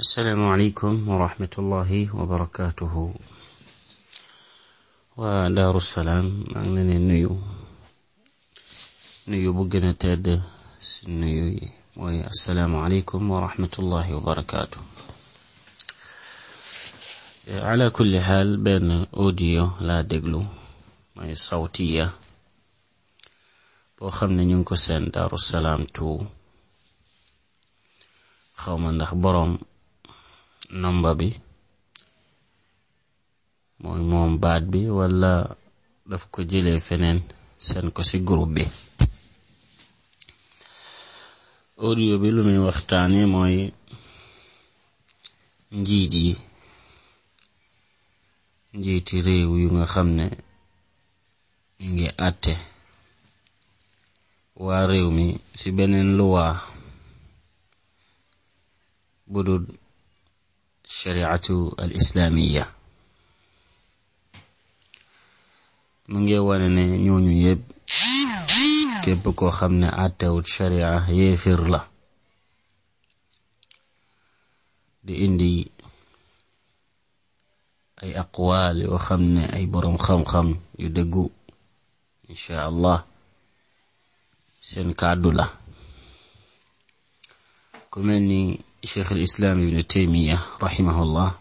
asalaamualeykum wa rahmatullahi wa barakaatuhu waa daaru salaam maa ngi leen nuyu nuyu bu gën a tedd si nuyu yi mooy asalaamualeykum wa rahmatullahi wa barakaatuhu ala kulli xaal benn audio laa déglu mooy sawtiya boo xam ne ñu ngi ko seen daaru salaam tu xawma ndax boroom nomba bi mooy moom baat bi wala daf ko jëlee feneen seen ko ci groupe bi audio bi lu muy waxtaane mooy njiit yi njiiti réew yu nga xam ne ñu ngi waa réew mi ci beneen luwaa budul shariatu al islaamiya mu ngi wane ne ñooñu yëpp képp koo xam ne àttewut sharia yéefir la di indi ay aqwaal yoo xam ne ay boroom xam-xam yu dëggu incha allah seen kàddu la cheikh al islaam ibnu taymiya rahimahullah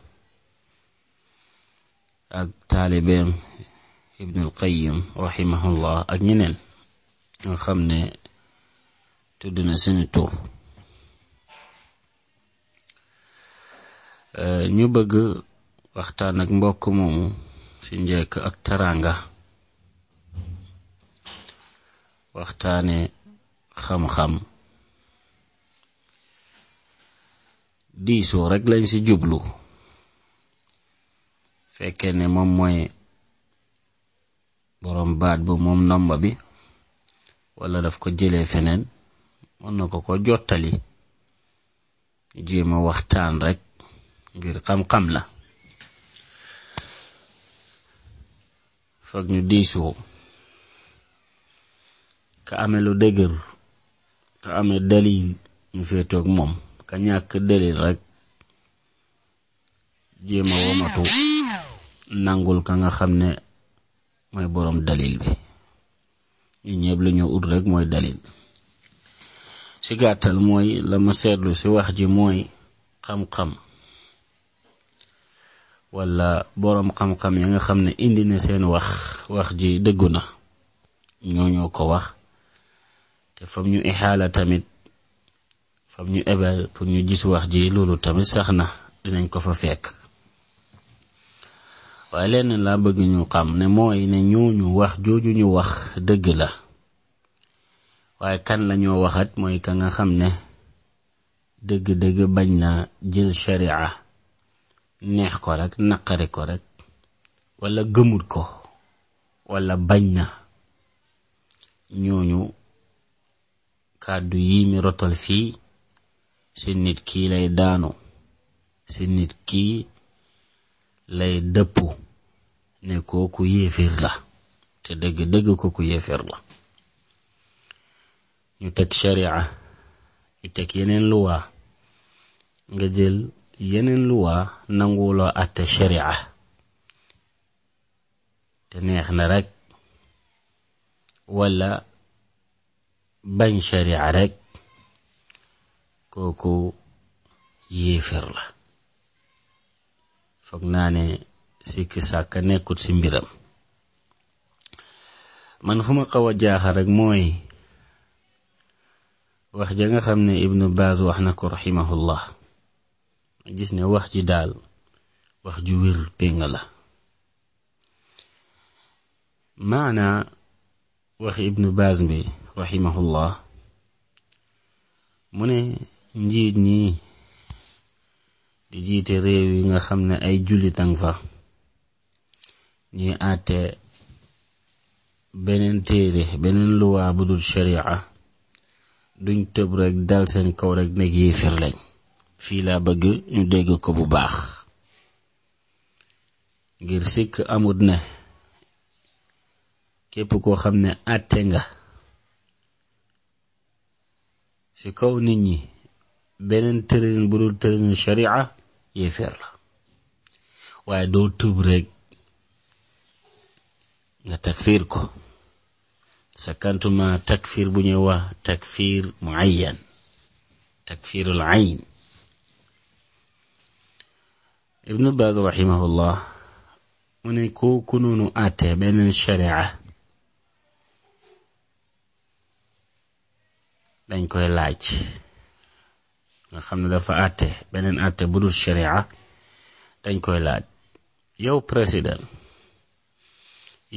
ak taalibeem ibnul qayim rahimahullah ak ñeneen nga xam ne tudd na seen tur euh, ñu bëgg waxtaan ak mbokk moomu ci njëkk ak teraanga waxtaane xam-xam diisoo rekk lañ ci jublu fekkee ne moom mooy boroom baat bu moom ndomba bi walla daf ko jëlee feneen mën na ko ko jottali jéema waxtaan rekk ngir xam-xam la foog ñu diisoo ka amee lu dëgër ka amee dalil ñu fee moom ka ñàkk delit rek jéema womatu nangul ka nga xam ne mooy boroom dalil bi ñu ñëpp lu ut rek mooy dalil ci gàttal mooy la ma seetlu ci wax ji mooy xam-xam walla boroom xam-xam ya nga xam ne indi na seen wax wax ji dëggu na ñoo ñoo ko wax te fam ñu ixaala tamit fam ñu ebal pour ñu gis wax ji loolu tamit sax na dinañ ko fa fekk waaye lenn laa bëgg ñu xam ne mooy ne ñooñu wax jooju ñu wax dëgg la waaye kan lañoo ñoo waxat mooy ka nga xam ne dëgg-dëgg bañ na jël sharia neex ko rek naqari ko rek walla gëmut ko walla bañ na ñooñu kàddu yi mi rotal fii si kii lay daanu si nit kii lay dëppu ne kooku yéeféer la te dëgg dëgg kooku yéeféer la ñu teg sharia ñu teg yeneen luwa nga jël yeneen luwa nanguwuloo àtte sharia te neex na rek walla bañ sharia rek kooku yéefér la foog naa ne sikki sàkk nekkut ci mbiram man fu ma xaw a jaaxal rek mooy wax ja nga xam ne ibnu baas wax na ko raximahullah gis ne wax ji daal wax ju wér péng la maana waxi ibnu baas bi raximahullah mu ne njiit ñi di jiite réew yi nga xam ne ay jullitang fa ñuy àtte beneen téere beneen luwaa bu sharia duñ tëb rekk dal seen kaw rek nekk yéeféer lañ fii laa bëgg ñu dégg ko bu baax ngir sikk amut ne képp koo xam ne àtte nga ci kaw nit ñi beneen tërërin bu dul tërërin sharia yéefeer la waaye doo tëb rek takfiir ko sa kantuma takfiir bu ñuy wax takfiir muayyan ayn ibnu baaz rahimahullah mu ne kooku noonu àtte beneen sharia dañ koy laaj nga xam ne dafa àtte beneen àtte bu dul sharia dañ koy laaj yow président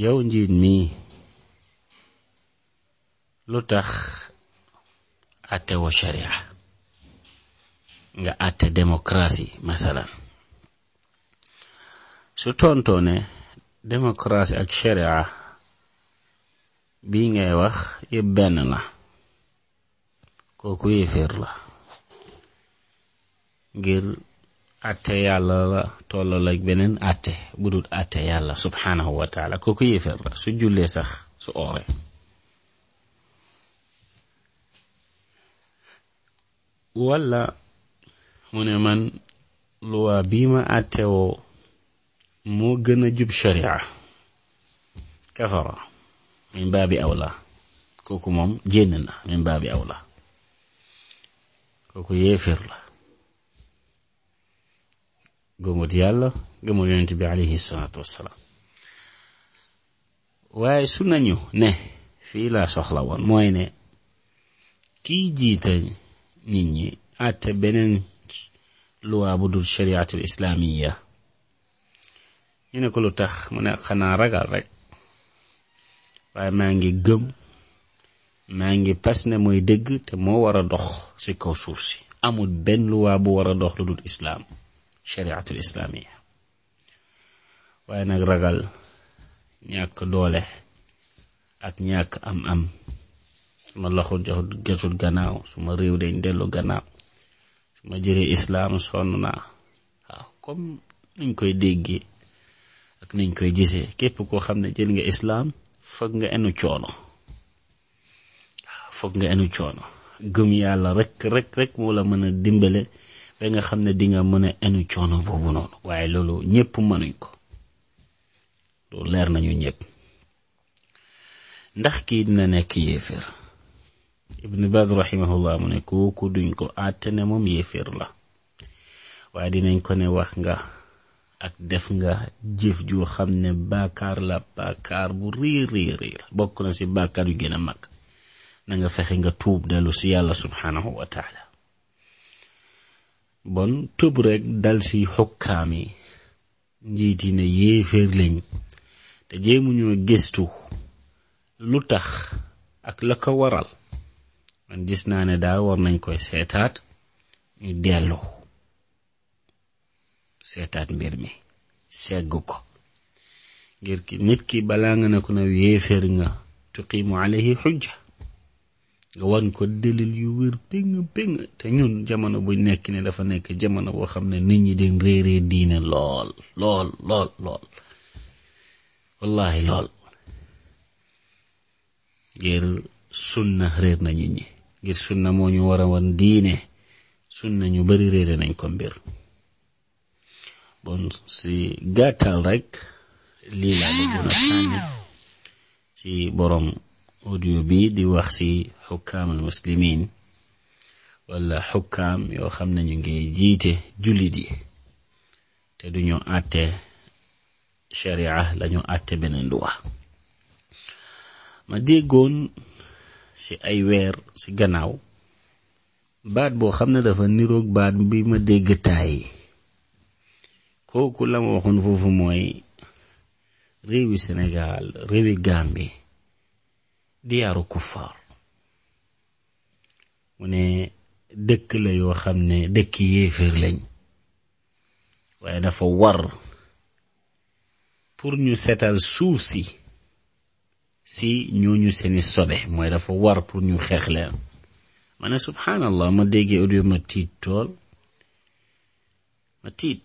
yow njiit mi lu tax àtte woo sharia nga àtte démocratie masalan su tontone ne ak sharia bi ngay wax yëpp benn la kooku yéeféer la ngir atte yàlla la tollal ak beneen atte bu dul atte yàlla subhaanahu wa taala kooku la su jullee sax su oore wala mu ne man luwaa bii ma àtte woo moo gën a jub sharia kafara min baabi awla kooku moom jénn na min baabi awla kooku yéefar la gëmut yàlla gëmul yonent bi alayhi salaatu wassalaam waaye su nañu ne fii laa soxla woon mooy ne kiy jiit nit ñi àtte beneen luwaa bu dul shariatul islaamiya ñu ne ko lu tax mu ne xanaa ragal rek waaye maa ngi gëm maa ngi pas ne mooy dëgg te moo war a dox ci kaw suuf si amul benn luwaa bu war dox lu dul islaam chariatul islaamia waaye nag ragal ñàkk doole ak ñàkk am-am su ma loxo joxut gannaaw su ma réew dañ dellu gannaaw su ma jëlee islaam sonn naa waaw comme niñ koy déggee ak niñ koy gisee képp koo xam ne jël nga islaam foog nga enu coono foog nga enu coono gëm yàlla rek rek rek moo la mën a dimbale ba nga xam ne dinga nga mën a enu coono boobu noonu waaye loolu ñëpp mënuñ ko leer nañu ñëpp ndax kii dina nekk yéeféer ibnu baaz rahimahullah mu ne kooku duñ ko àtte ne moom yéeféer la waaye dinañ ko ne wax nga ak def nga jëf joo xam ne baakaar la baakaar bu riir riir bokk na ci baakaar yu gën a mag na fexe nga tuub dellu ci yàlla subhaanahu wa bon tëb rek dal si xukkaam yi njiiti ne yéeféer lañ te jéemuñoo gëstu lu tax ak la ko waral man gis naa ne daa war nañ koy seetaat ñu dellu seetaat mbir mi segg ko ngir ki nit ki balaa nga ne ko ne yéeféer nga tuqiimu alayhi xujja nga wan ko delil yu wér péng péng te ñun jamono bu nekk ni dafa nekk jamono boo xam ne nit ñi dañ réeree diine lool lool lool lool wallahi lool ngir sunna réer na ñi ngir sunna moo ñu war a wan diine sunna ñu bari réere nañ ko mbir bon si gàttal rek lii laa bëggoon a sànni si borom audio bi di wax si xukkaam al muslimin wala xukkaam yoo xam ne ñu ngi jiite jullit yi te duñu àtte sharia lañu àtte beneen duwa ma déggoon ci ay weer ci gannaaw baat boo xam ne dafa niroog baat bi ma dégg taay kooku la ma waxoon foofu mooy réewi Sénégal réewi Gambie diyaaru kuffaar mu ne dëkk la yoo xam ne dëkk yéeféer lañ waaye dafa war pour ñu setal suuf si si ñooñu seeni sobe mooy dafa war pour ñu xeex leen ma ne subhanallah ma déggee audio ma tiit tool ma tiit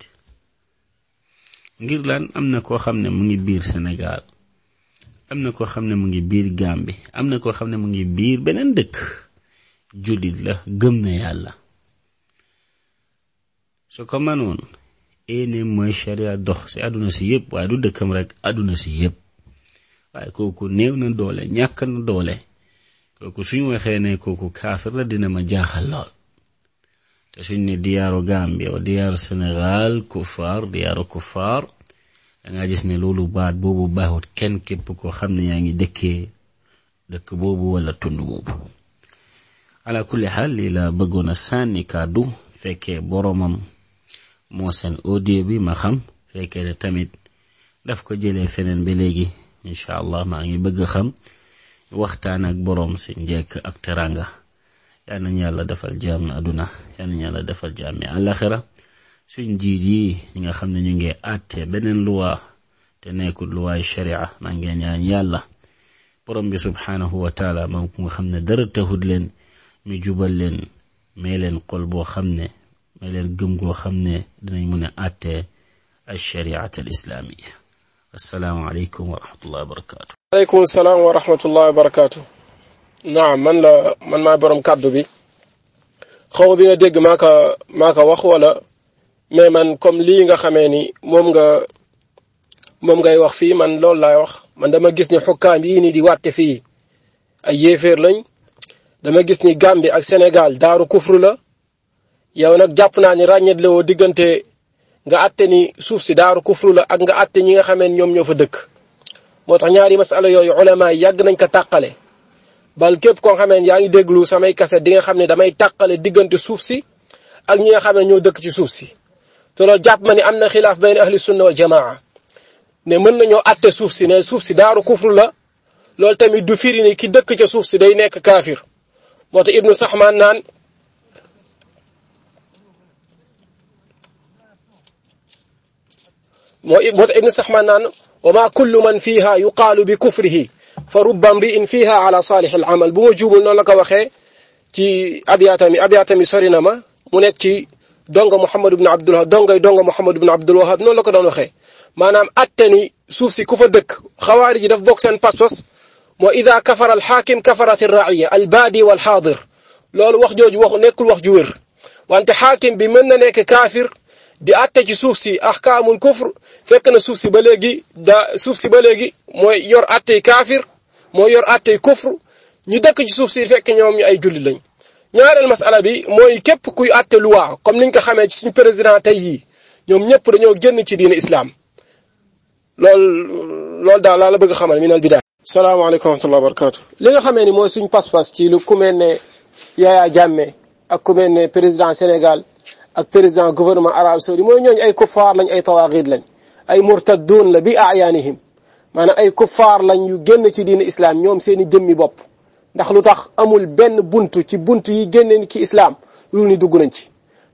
ngir lan am na koo xam ne mu ngi biir senegaal am na koo xam ne mu ngi biir Gambie am na koo xam ne mu ngi biir beneen dëkk jullit la gëm na yàlla su ko mënoon éenéem mooy sharia dox ci àdduna si yépp waaye du dëkkam rekk àdduna si yépp waaye kooku néew na doole ñàkk na doole kooku suñ waxee ne kooku kaafir la dina ma jaaxal lool te suñ ne diyaaru Gambia diyaaru Sénégal kufaar diyaaru kufaar danga gis ne loolu baat boobu baaxut kenn képp koo xam ne yaa ngi dëkkee dëkk boobu walla tund boobu ala kulli xaal lii la bëggoon a sànni kàddu fekkee boromam moo seen audio bi ma xam fekkee ne tamit daf ko jëlee feneen ba léegi incha allah maa ngi bëgg xam waxtaan ak borom si njekk ak teranga yal nañu yàlla defal jaam àdduna yal nañu yàlla defal jaam mi àllaxira suñ jiit yi ñi nga xam ne ñu ngi àtte beneen luwa te nekkul luwaay sharia maa ngi ñaan yàlla borom bi subhanahu wa taala moom ku xam ne dara taxut leen ñu jubal leen may leen xol boo xam ne may leen xam ne dinañ mën a àtte al islaamia asalaamaaleykum wa rahmatullah wa aleykum salaam wa rahmatullah naam man man maa borom kàddu bi xaw bi nga dégg maa ko wax wala mais man comme lii nga xamee ni moom nga moom ngay wax fii man loolu laay wax man dama gis ni xukkaam yii ni di wàtte fii ay yéeféer lañ dama gis ni Gambie ak Sénégal daaru kufru la yow nag jàpp naa ni ràññet woo diggante nga àtte ni suuf si daaru kufru la ak nga àtte ñi nga xamee ñoom ñoo fa dëkk moo tax ñaari masala yooyu ulama yàgg nañ ko tàqale bal képp koo xamee yaa ngi déglu samay kaset dinga nga xam ne damay tàqale diggante suuf si ak ñi nga xam ne ñoo dëkk ci suuf si te loolu jàpp ma ni am na xilaaf bayna ahli sunna wal jamaa ne mën nañoo àtte suuf si ne suuf si daaru kufru la loolu tamit du firi ni dëkk ca suuf si day nekk kaafir moo tax ibnu saxmaan naan moo moo tax ibnu saxmaan naan wa ma kullu man fiha yuqaalu bi kufrihi fa rubba mri'in fiha ala saalih al amal bu ma juumul noonu la ko waxee ci abyaatami abyaatami sori na ma mu nekk ci donga Muhammad ibn Abdul Wahab dongay donga Muhammad ibn Abdul Wahab noonu la ko doon waxee maanaam atte ni suuf si ku fa dëkk xawaari ji daf bokk seen pas-pas moo ida kafara alxaakim kafarat raaya albaadi walxaadir loolu wax jooju wax nekkul wax ju wér wante xaakim bi mën na nekk kaafir di àtte ci suuf si axkaamul kufr fekk na suuf si ba léegi da suuf si ba léegi mooy yor àttey kaafir moo yor àttey kufr ñu dëkk ci suuf si fekk ñoom ñu ay julli lañ ñaareel masala bi mooy képp ku àtte luwaa comme niñ ko xamee ci suñ président tey yii ñoom ñëpp dañoo génn ci diine islaam loolu loolu daal laa la bëgg xamal minal bidaa salaamaaleykum wa rahmatulah barakaatu li nga xamee ni mooy suñ pas-pas ci lu ku mel ne Yaya ak ku mel président Sénégal ak président gouvernement arabe saoudi mooy ñooñu ay kuffaar lañ ay tawaaqid lañ ay murtaddoon la bi ayaanihim maanaam ay kuffaar lañ yu génn ci diine islam ñoom seeni i jëmmi bopp ndax lu tax amul benn bunt ci buntu yi génneen ci islaam loolu ni dugg nañ ci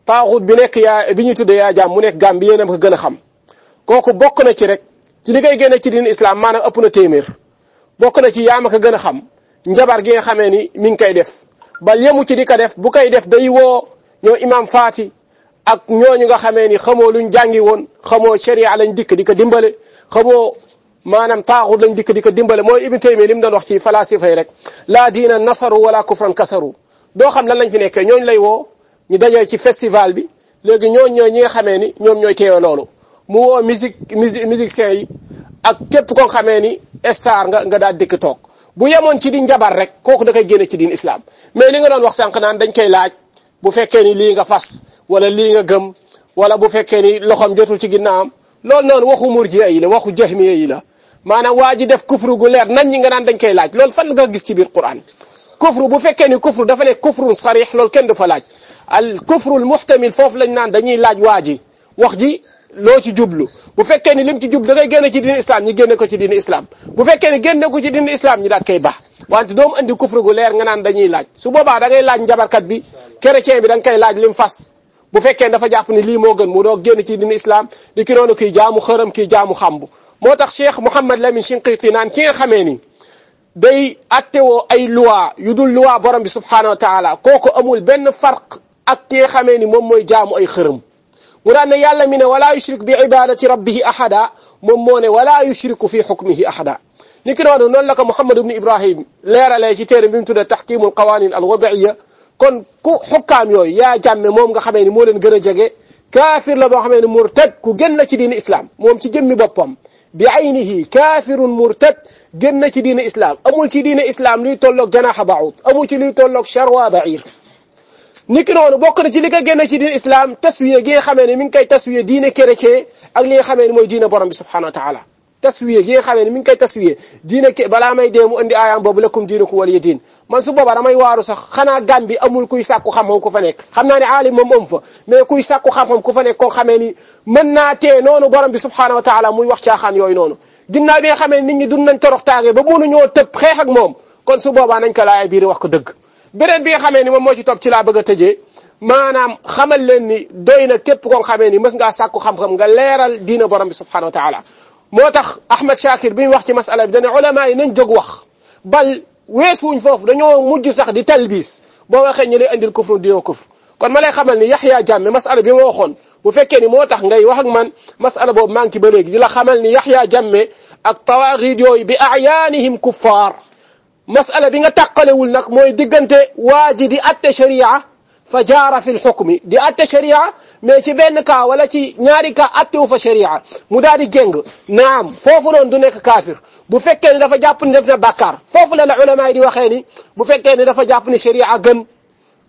taaxut bi nekk yaa bi ñuy tuddee yaa jaam mu nekk gàm bi yéen ko gën a xam kooku bokk na ci rek ci li ngay génne ci diine islam maanaam ëpp na téeméer bokk na ci yaama a gën a xam njabar gi nga xamee ni mi ngi koy def ba yemu ci di ko def bu koy def day woo ñoo imam faati ak ñooñu nga xamee ni xamoo luñ jàngi woon xamoo sharia lañ dikk di ko dimbale xamoo maanaam taaxut lañ dikk di ko dimbale mooy ibnu taymiya li mu doon wax ci falasifa yi rek laa diina nasaru wala kufran kasaru doo xam lan lañ fi nekkee ñooñu lay woo ñu dajee ci festival bi léegi ñooñ ñooy ñi nga xamee ni ñoom ñooy teewee loolu mu woo musique musique musiciens yi ak képp koo xamee ni star nga nga daal dikk toog bu yemoon ci di njabar rek kooku da koy génne ci diin islaam mais li nga doon wax sànq naan dañ koy laaj bu fekkee ni lii nga fas wala lii nga gëm wala bu fekkee ni loxoom jotul ci ginnaawam loolu noonu waxu murjiya yi la waxu jahmiya yi la maanaam waa ji def kufru gu leer nañ ñi nga naan dañ koy laaj loolu fan nga gis ci biir Qur'an kufru bu fekkee ni kufru dafa nekk kufrun sarix loolu kenn du fa laaj al kufru al muhtamil foofu lañ naan dañuy laaj waa ji wax ji loo ci jublu bu fekkee ni lim ci jublu da ngay génne ci diini islam ñu génne ko ci diini islam bu fekkee ni génne ko ci diini islam ñu daat koy baax wante doomu andi kufru gu leer nga naan dañuy laaj su boobaa da laaj njabarkat bi chrétien bi da koy laaj lim fas bu fekkee dafa jàpp ni lii moo gën mu doo génn ci diini islam di ki noonu kiy jaamu xërëm kiy jaamu xambu moo tax Cheikh Mouhamed Lamine Shinqiti naan ki nga xamee ni day attewoo ay loi yu dul loi borom bi subhanahu wa taala kooku amul benn farq ak ki nga xamee ni moom mooy jaamu ay xërëm wuraan ne yàlla mi ne wala yushrik bi ibadati rabbihi ahada moom moo ne wala yushriku fi xukmihi ahada ni ki noonu noonu la ko Muhammad ibn Ibrahim leeralee ci téere bi mu tuddee taxkimul qawanin al wadaiya kon ku xukkaam yooyu yaa jàmme moom nga xamee ni moo leen gën a jege kaafir la boo xamee ni murtad ku génn ci diini islam moom ci jëmmi boppam bi aynihi kaafirun murtad génn ci diini islam amul ci diini islam luy tolloog janaaxa baud amul ci luy tolloog charwa bair niki noonu bokk na ci li ko génne ci diin islam taswiya gi nga xamee ne mi koy taswiya diine chrétien ak li nga xamee ne mooy diine borom bi subhanahu wa taala taswiya gi nga xamee ne mi ngi koy taswiya diine ke balaa may dee mu indi aayam boobu lakum diinukum waliya kuy sàkku xam-xam ku fa nekk xam naa ne aalim moom am fa mais kuy sàkku xam-xam ku fa nekk koo xamee ni mën naa tee noonu borom bi subhanahu wa taala muy wax caaxaan yooyu noonu ginnaaw bi nga xamee nit ñi dun nañ torox taage ba mënuñoo tëb xeex ak moom kon su boobaa nañ ko laaya biir wax ko dëgg beneen bi nga xamee ni moom moo ci topp ci laa bëgg a tëjee maanaam xamal leen ni doy na képp koo xamee ni mës ngaa sàkku xam-xam nga leeral diina borom bi subhanahu wa taala moo tax Ahmed Shakir bi ñu wax ci masala bi dane a yi nañ jóg wax bal weesuwuñ foofu dañoo mujj sax di talbiis boo waxee ñu lay andil kufru diwa kufru kon ma lay xamal ni Yaxya Jàmme masala bi ma waxoon bu fekkee ni moo tax ngay wax ak man masala boobu maa ngi ci ba léegi di la xamal ni Yaxya Jàmme ak tawarid yooyu bi ayaanihim kuffaar masala bi nga tàqalewul nag mooy diggante waa ji di atte sharia fa jaara fi lxukmi di atte sharia mais ci benn ka wala ci ñaari cas attewu fa sharia mu daal di géng naam foofu noonu du nekk kaafir bu fekkee ni dafa jàpp ni def na bàkkaar foofu la la ulama yi waxee ni bu fekkee ni dafa jàpp ni sharia gën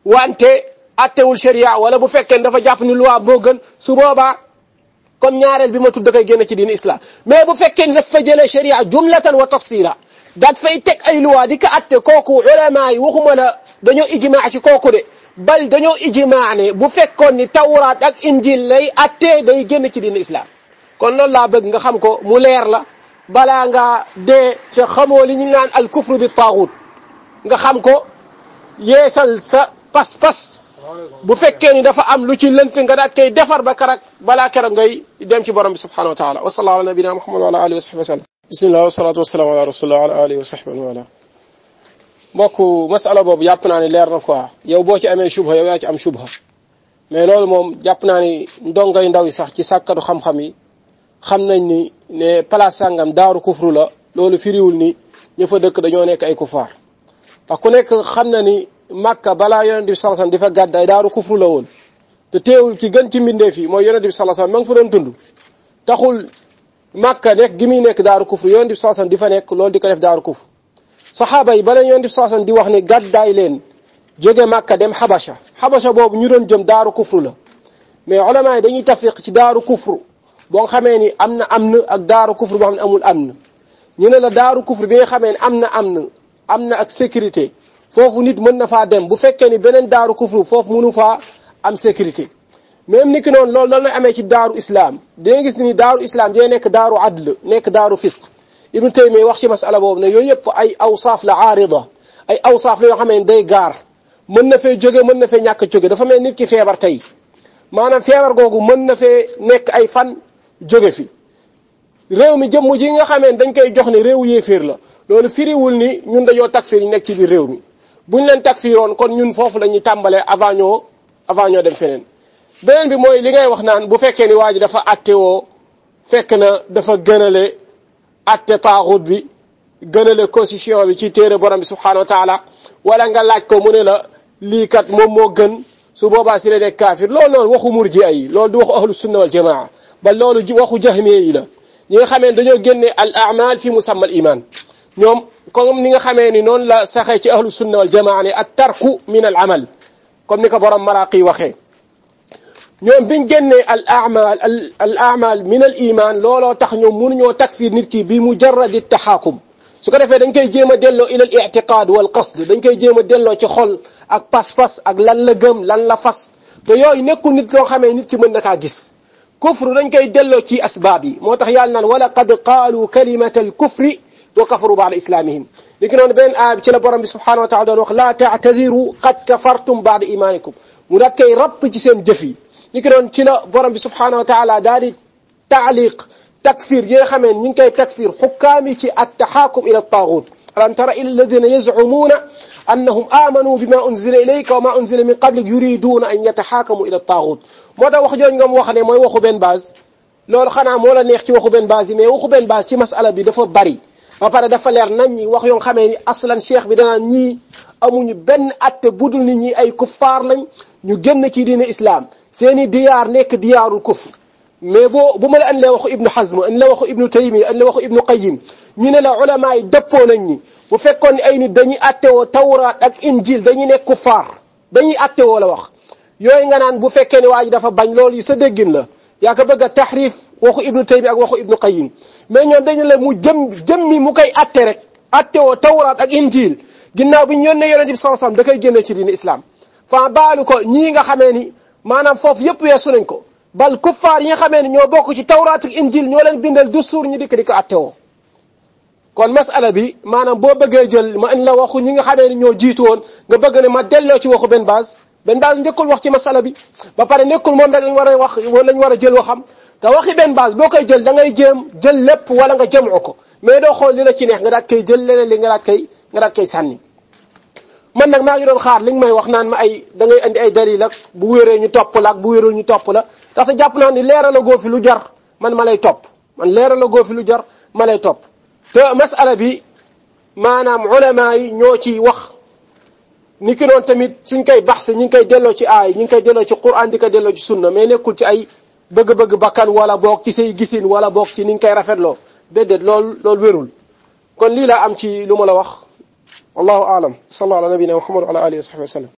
wante attewul sharia wala bu fekkee ni dafa jàpp ni loi boo gën su boobaa comme ñaareel bi ma tudd da koy génn ci diin islam mais bu fekkee ni daf fa jëlee sharia jumlatan wa tafsila daat fay teg ay luwaa di atte kooku ulama yi waxuma la dañoo ijmaa ci kooku de bal dañoo ijmaa ne bu fekkoon ni tawraat ak injil lay attee day génn ci diin lislaam kon loolu laa bëgg nga xam ko mu leer la balaa nga dee te xamoo li ñu naan al kufru bi taaxut nga xam ko yeesal sa pas-pas bu fekkee ni dafa am lu ci lënt nga daat koy defar ba karak balaa keroog ngay dem ci borom bi subhanahu wa taala wa sallallahu ala nabina muhammad wa ala alihi wa sahbihi wa sallam bisimilah wasalaatu wasalaam ala rasulillah ala alihi wa sahbihi wa ala mbokk masala boobu yàpp naa ne leer na quoi yow boo ci amee shubha yow yaa ci am shubha mais loolu moom jàpp naa ni ndongoy ndaw yi sax ci sàkkatu xam-xam yi xam nañ ni ne place sàngam daaru kufru la loolu firiwul ni ña fa dëkk dañoo nekk ay kufaar ndax ku nekk xam na ni màkka balaa yonent bi sallallahu alayhi wasallam di fa gàddaay daaru kufru la woon te teewul ci gën ci mbindee fii mooy yonent bi sallallahu alayhi wasallam ngi fa doon tund màkka nekk gi muy nekk daaru kufr yoon di saasan di fa nekk loolu di ko def daaru kufr saxaaba yi ba leen yoon di saasan di wax ne gàddaay leen jóge màkka dem xabasha xabasha boobu ñu doon jëm daaru kufr la mais ulama yi dañuy tafriq ci daaru kufr boo nga xamee ni am na am na ak daaru kufr boo xam ne amul am na ñu ne la daaru kufr bi nga xamee ni am na am na am na ak sécurité foofu nit mën na faa dem bu fekkee ni beneen daaru kufr foofu mënu faa am sécurité même ni noonu loolu lan lay amee ci daaru islaam dina gis ni daaru islam nekk daaru adl nekk daaru fisq ibnu taymiya wax ci masala boobu ne yooyu yëpp ay awsaaf la aarida ay awsaaf la yoo xam ne day gaar mën na fee jóge mën na fee ñàkk jóge dafa mel nit ki feebar tey maanaam feebar googu mën na fee nekk ay fan jóge fi réew mi jëmm ji nga xamee dañ koy jox ne réew yéeféer la loolu firiwul ni ñun dañoo takfir yi nekk ci biir réew mi bu ñu leen takfiroon kon ñun foofu la tàmbalee avant ñoo avant ñoo dem feneen beneen bi mooy li ngay wax naan bu fekkee ni waa ji dafa attewoo fekk na dafa gënale atte taaxut bi gënale constitution bi ci téere borom bi subhanahu wa taala wala nga laaj ko mu ne la lii kat moom moo gën su boobaa si la nekk kaafir loolu waxu murji'a yi loolu du waxu ahlu sunna wal jamaa ba loolu waxu jahmiya yi la ñi nga xamee dañoo génne al amal fi musammal iman ñoom comme ni nga xamee ni noonu la saxee ci ahlu sunna wal jamaa ne at tarku min al comme ni ko borom maraqi waxee ñoom biñ génnee al amal al amal min al iman looloo tax ñoom mënuñoo takfir nit ki bi mujarradi taxaakum su ko defee dañ koy jéem a delloo ilal itiqaad wal qasd dañ koy jéem a delloo ci xol ak pas-pas ak lan la gëm lan la fas te yooyu nekkul nit loo xamee nit ki mën na kaa gis kufru dañ koy delloo ci asbaab yi moo tax yàlla naan wala qad qaalu kalimata al kufri wa kafaru baada islaamihim li ki noonu beneen aaya bi ci la borom bi subhanahu wa taala doon wax laa taatadiru qad kafartum baada imaanikum mu daat koy rabt ci seen jëf yi ni ki doon ci la borom bi subhanahu wa taala daal di taaliq takfir yi nga xamee ñu ngi koy takfir xukkaam yi ci attaxaakum ila taaxut alam tara ila alladina yazcumuuna annahum aamanu bima unzila ilayka wa ma unzila min qablik yuriduuna an yataxaakamu ila taaxut moo tax wax jooju nga mu wax ne mooy waxu benn base loolu xanaa moo la neex ci waxu benn base yi mais waxu benn base ci masala bi dafa bari ba pare dafa leer nañ ñi wax yoo xamee ni aslan cheikh bi danaan ñii amuñu benn atte budul nit ñi ay kuffaar lañ ñu génn ci diine islam seeni diyaar nekk diyaaru kufr mais boo bu ma la an la waxu ibnu Hazm an la waxu ibnu Taymi an la waxu ibnu Qayyim ñi ne la ulama yi dëppoo nañ ñi bu fekkoon ay nit dañuy attewoo tawraat ak injil dañuy nekk kuffaar dañuy attewoo la wax yooyu nga naan bu fekkee ne waa ji dafa bañ loolu yi sa déggin la yaa ko bëgg a taxrif waxu ibnu Taymi ak waxu ibnu Qayyim mais ñoom dañu la mu jëm jëmmi mu koy atte rek attewoo tawraat ak injil ginnaaw bi ñu yónnee yonent bi sallallahu alayhi da kay génne ci diine islaam fa baalu ko ñii nga xamee ni maanaam foofu yépp weesu nañ ko bal kuffaar yi nga xamee ne ñoo bokk ci tawraat ak injil ñoo leen bindal du suur ñu dikk di ko attewoo kon masala bi maanaam boo bëggee jël ma in la waxu ñi nga xamee ne ñoo jiitu woon nga bëgg ne ma delloo ci waxu benn base benn base njëkkul wax ci masala bi ba pare nekkul moom rek lañ war a wax lañ war a jël waxam te waxi benn base boo koy jël da ngay jéem jël lépp wala nga jëmoo ko mais doo xool dina ci neex nga daat koy jël leneen li nga daat koy nga daat koy sànni man nag maa ngi doon xaar li nga may wax naan ma ay dangay ngay andi ay dalil ak bu wéree ñu topp la ak bu wérul ñu topp la ndax sa jàpp naa ni leeral a goo lu jar man ma lay topp man leeral a goo lu jar ma lay topp te masala bi maanaam ulama yi ñoo ci wax ni ki noonu tamit suñ koy baxse ñu ngi koy delloo ci aay ñu ngi koy delloo ci quran di ko delloo ci sunna mais nekkul ci ay bëgg-bëgg bakkan wala boog ci say gisin wala boog ci ni nga koy loo déedéet lool loolu wérul kon lii laa am ci lu ma la wax wallahu alam sallallahu ala nabina muhammad wa ala alihi wa sahbihi wa sallam